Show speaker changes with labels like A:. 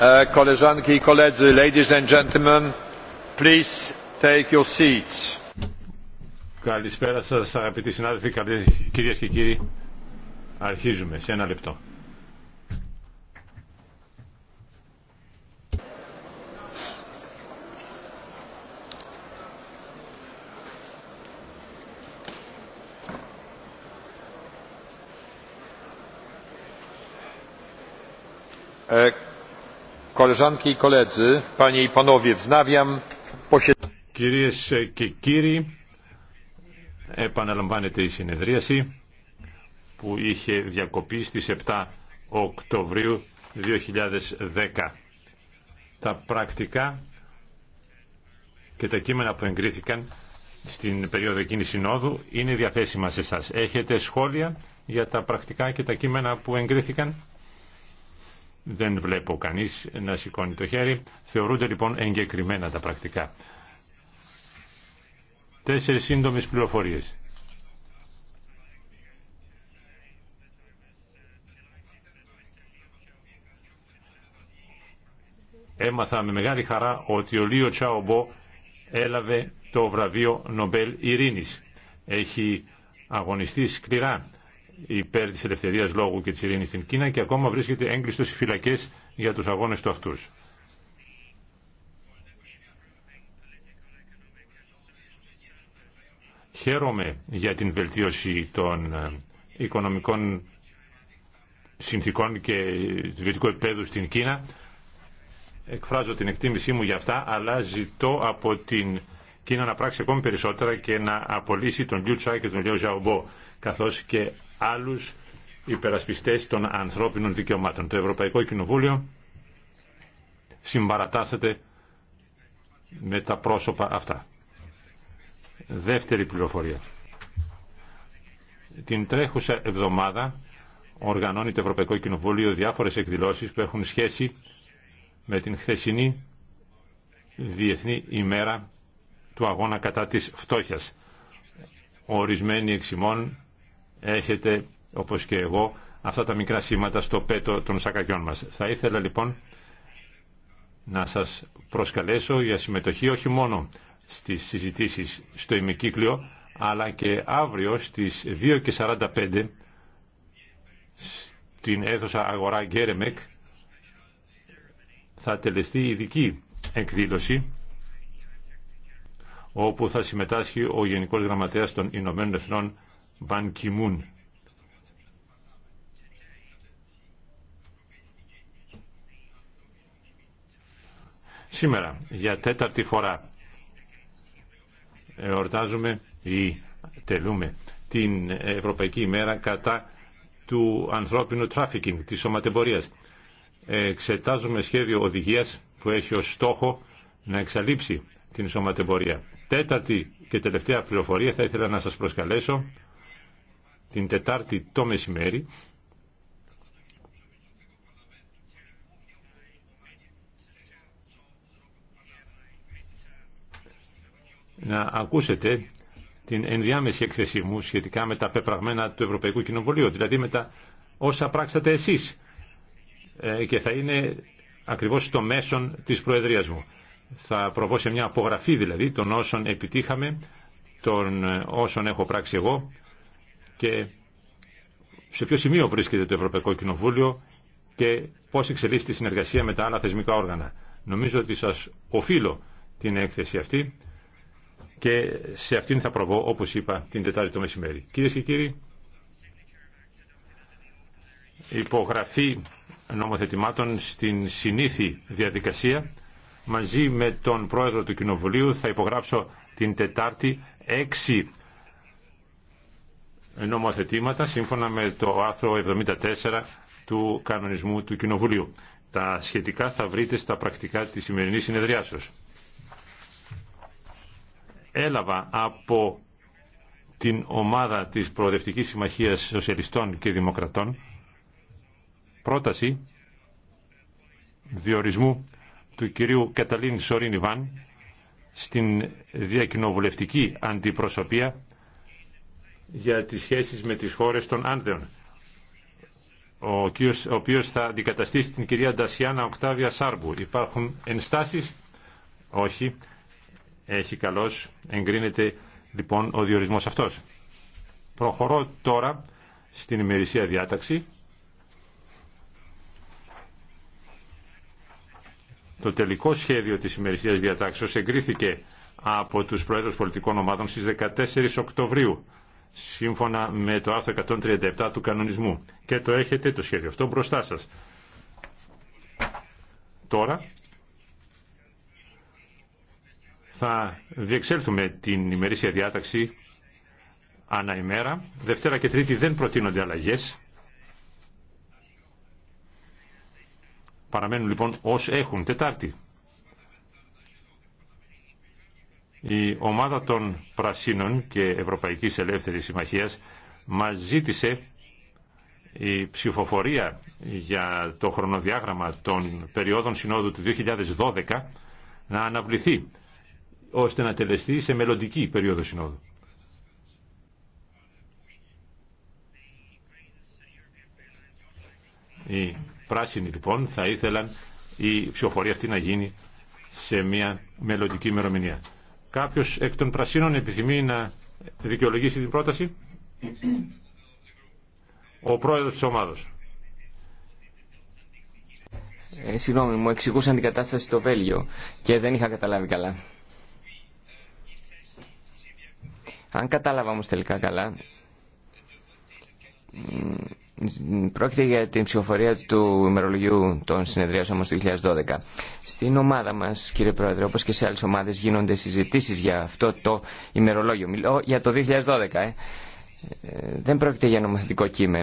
A: Uh, koleżanki i koledzy, ladies and gentlemen, please take your seats. Καλησπέρα σας αγαπητοί συνάδελφοι, κυρίες και κύριοι. Αρχίζουμε σε ένα λεπτό. Ε, Κυρίες και κύριοι, επαναλαμβάνεται η συνεδρίαση που είχε διακοπή στις 7 Οκτωβρίου 2010. Τα πρακτικά και τα κείμενα που εγκρίθηκαν στην περίοδο εκείνη συνόδου είναι διαθέσιμα σε εσάς. Έχετε σχόλια για τα πρακτικά και τα κείμενα που εγκρίθηκαν. Δεν βλέπω κανείς να σηκώνει το χέρι. Θεωρούνται λοιπόν εγκεκριμένα τα πρακτικά. Τέσσερις σύντομες πληροφορίες. Έμαθα με μεγάλη χαρά ότι ο Λίο Τσάομπο έλαβε το βραβείο Νομπέλ Ειρήνης. Έχει αγωνιστεί σκληρά υπέρ της ελευθερίας λόγου και της ειρήνης στην Κίνα και ακόμα βρίσκεται έγκλειστο στις φυλακές για τους αγώνες του αυτούς. Χαίρομαι για την βελτίωση των ε, οικονομικών συνθήκων και του βιωτικού επίπεδου στην Κίνα. Εκφράζω την εκτίμησή μου για αυτά, αλλά ζητώ από την Κίνα να πράξει ακόμη περισσότερα και να απολύσει τον Λιου και τον Λιου Ζαουμπό καθώς και άλλους υπερασπιστές των ανθρώπινων δικαιωμάτων. Το Ευρωπαϊκό Κοινοβούλιο συμπαρατάσσεται με τα πρόσωπα αυτά. Δεύτερη πληροφορία. Την τρέχουσα εβδομάδα οργανώνει το Ευρωπαϊκό Κοινοβούλιο διάφορες εκδηλώσεις που έχουν σχέση με την χθεσινή Διεθνή ημέρα του αγώνα κατά της φτώχειας. Ορισμένοι εξημών έχετε, όπως και εγώ, αυτά τα μικρά σήματα στο πέτο των σακακιών μας. Θα ήθελα λοιπόν να σας προσκαλέσω για συμμετοχή όχι μόνο στις συζητήσεις στο ημικύκλιο, αλλά και αύριο στις 2.45 στην αίθουσα αγορά Γκέρεμεκ θα τελεστεί ειδική εκδήλωση όπου θα συμμετάσχει ο Γενικός Γραμματέας των Ηνωμένων Εθνών Μπαν Κιμούν. Σήμερα, για τέταρτη φορά, εορτάζουμε ή τελούμε την Ευρωπαϊκή μέρα κατά του ανθρώπινου τράφικινγκ, της σωματεμπορίας. Εξετάζουμε σχέδιο οδηγίας που έχει ως στόχο να εξαλείψει την σωματεμπορία. Τέταρτη και τελευταία πληροφορία θα ήθελα να σας προσκαλέσω την Τετάρτη το μεσημέρι να ακούσετε την ενδιάμεση έκθεσή μου σχετικά με τα πεπραγμένα του Ευρωπαϊκού Κοινοβουλίου, δηλαδή με τα όσα πράξατε εσείς ε, και θα είναι ακριβώς το μέσον της Προεδρίας μου θα προβώ σε μια απογραφή δηλαδή των όσων επιτύχαμε, των όσων έχω πράξει εγώ και σε ποιο σημείο βρίσκεται το Ευρωπαϊκό Κοινοβούλιο και πώς εξελίσσεται η συνεργασία με τα άλλα θεσμικά όργανα. Νομίζω ότι σας οφείλω την έκθεση αυτή και σε αυτήν θα προβώ, όπως είπα, την Τετάρτη το μεσημέρι. Κυρίε και κύριοι, υπογραφή νομοθετημάτων στην συνήθη διαδικασία μαζί με τον πρόεδρο του Κοινοβουλίου θα υπογράψω την Τετάρτη έξι νομοθετήματα σύμφωνα με το άρθρο 74 του κανονισμού του Κοινοβουλίου. Τα σχετικά θα βρείτε στα πρακτικά της σημερινής συνεδριάσεως. Έλαβα από την ομάδα της Προοδευτικής Συμμαχίας Σοσιαλιστών και Δημοκρατών πρόταση διορισμού του κυρίου Καταλήν Σορίν Ιβάν στην διακοινοβουλευτική αντιπροσωπεία για τις σχέσεις με τις χώρες των Άνδεων ο οποίος θα αντικαταστήσει την κυρία Ντασιάνα Οκτάβια Σάρμπου. Υπάρχουν ενστάσεις? Όχι. Έχει καλώς. Εγκρίνεται λοιπόν ο διορισμός αυτός. Προχωρώ τώρα στην ημερησία διάταξη. Το τελικό σχέδιο της ημερησίας διατάξεως εγκρίθηκε από τους Προέδρους Πολιτικών Ομάδων στις 14 Οκτωβρίου, σύμφωνα με το άρθρο 137 του κανονισμού. Και το έχετε το σχέδιο αυτό μπροστά σας. Τώρα θα διεξέλθουμε την ημερήσια διάταξη ανά ημέρα. Δευτέρα και Τρίτη δεν προτείνονται αλλαγές. Παραμένουν λοιπόν ως έχουν. Τετάρτη. Η ομάδα των Πρασίνων και Ευρωπαϊκής Ελεύθερης Συμμαχίας μας ζήτησε η ψηφοφορία για το χρονοδιάγραμμα των περιόδων συνόδου του 2012 να αναβληθεί ώστε να τελεστεί σε μελλοντική περίοδο συνόδου. Η πράσινοι λοιπόν θα ήθελαν η ψηφοφορία αυτή να γίνει σε μια μελλοντική ημερομηνία. Κάποιο εκ των πρασίνων επιθυμεί να δικαιολογήσει την πρόταση. Ο πρόεδρος της ομάδος. Ε, συγγνώμη, μου εξηγούσαν την κατάσταση στο Βέλγιο και δεν είχα καταλάβει καλά. Αν κατάλαβα όμως τελικά καλά, Πρόκειται για την ψηφοφορία του ημερολογιού των συνεδριάσεων μας του 2012. Στην ομάδα μας, κύριε Πρόεδρε, όπως και σε άλλες ομάδες γίνονται συζητήσεις για αυτό το ημερολόγιο. Μιλώ για το 2012, ε. ε. Δεν πρόκειται για νομοθετικό κείμενο.